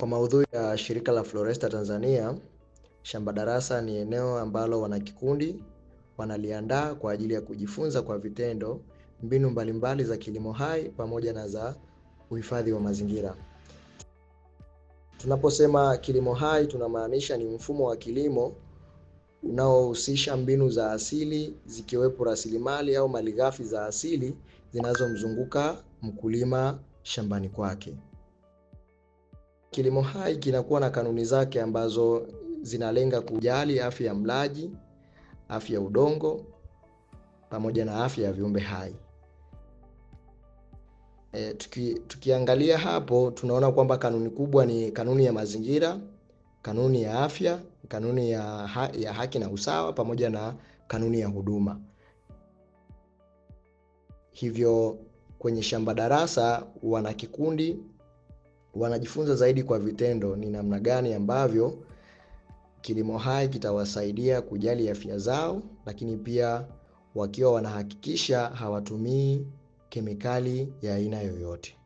Kwa maudhui ya shirika la Floresta Tanzania, shamba darasa ni eneo ambalo wanakikundi wanaliandaa kwa ajili ya kujifunza kwa vitendo mbinu mbalimbali za kilimo hai pamoja na za uhifadhi wa mazingira. Tunaposema kilimo hai, tunamaanisha ni mfumo wa kilimo unaohusisha mbinu za asili zikiwepo rasilimali au malighafi za asili zinazomzunguka mkulima shambani kwake. Kilimo hai kinakuwa na kanuni zake ambazo zinalenga kujali afya ya mlaji, afya ya udongo pamoja na afya ya viumbe hai. E, tuki, tukiangalia hapo tunaona kwamba kanuni kubwa ni kanuni ya mazingira, kanuni ya afya, kanuni ya, ha ya haki na usawa pamoja na kanuni ya huduma. Hivyo kwenye shamba darasa wana kikundi wanajifunza zaidi kwa vitendo ni namna gani ambavyo kilimo hai kitawasaidia kujali afya zao, lakini pia wakiwa wanahakikisha hawatumii kemikali ya aina yoyote.